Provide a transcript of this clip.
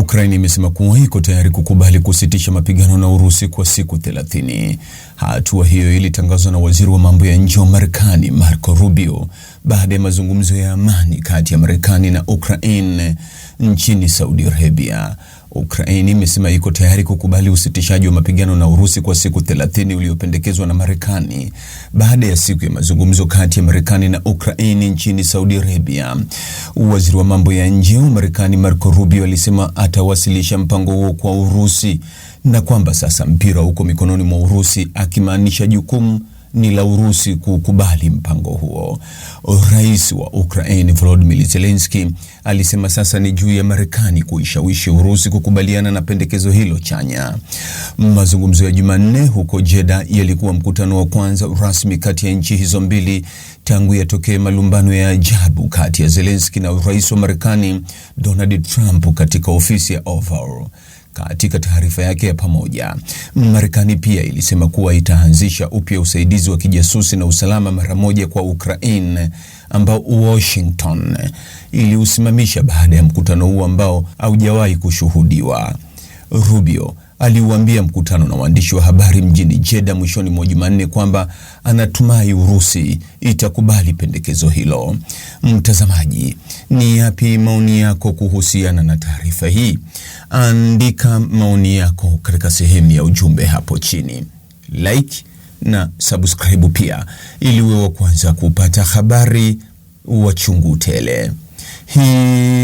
Ukraine imesema kuwa iko tayari kukubali kusitisha mapigano na Urusi kwa siku 30. Hatua hiyo ilitangazwa na waziri wa mambo ya nje wa Marekani, Marco Rubio, baada ya mazungumzo ya amani kati ya Marekani na Ukraine nchini Saudi Arabia. Ukraini imesema iko tayari kukubali usitishaji wa mapigano na Urusi kwa siku 30 uliopendekezwa na Marekani baada ya siku ya mazungumzo kati ya Marekani na Ukraini nchini Saudi Arabia. Waziri wa mambo ya nje wa Marekani Marco Rubio alisema atawasilisha mpango huo kwa Urusi na kwamba sasa mpira uko mikononi mwa Urusi, akimaanisha jukumu ni la Urusi kukubali mpango huo. Rais wa Ukraine Volodymyr Zelensky alisema sasa ni juu ya Marekani kuishawishi Urusi kukubaliana na pendekezo hilo chanya. Mazungumzo ya Jumanne huko Jeddah yalikuwa mkutano wa kwanza rasmi kati ya nchi hizo mbili tangu yatokee malumbano ya ajabu kati ya Zelensky na Rais wa Marekani Donald Trump katika ofisi ya Oval katika taarifa yake ya pamoja. Marekani pia ilisema kuwa itaanzisha upya usaidizi wa kijasusi na usalama mara moja kwa Ukraine ambao Washington iliusimamisha baada ya mkutano huo ambao haujawahi kushuhudiwa. Rubio aliuambia mkutano na waandishi wa habari mjini Jeddah mwishoni mwa Jumanne kwamba anatumai Urusi itakubali pendekezo hilo. Mtazamaji, ni yapi maoni yako kuhusiana na taarifa hii? Andika maoni yako katika sehemu ya ujumbe hapo chini. Like na subscribe pia ili uwe wa kwanza kupata habari wa chungu tele. Hii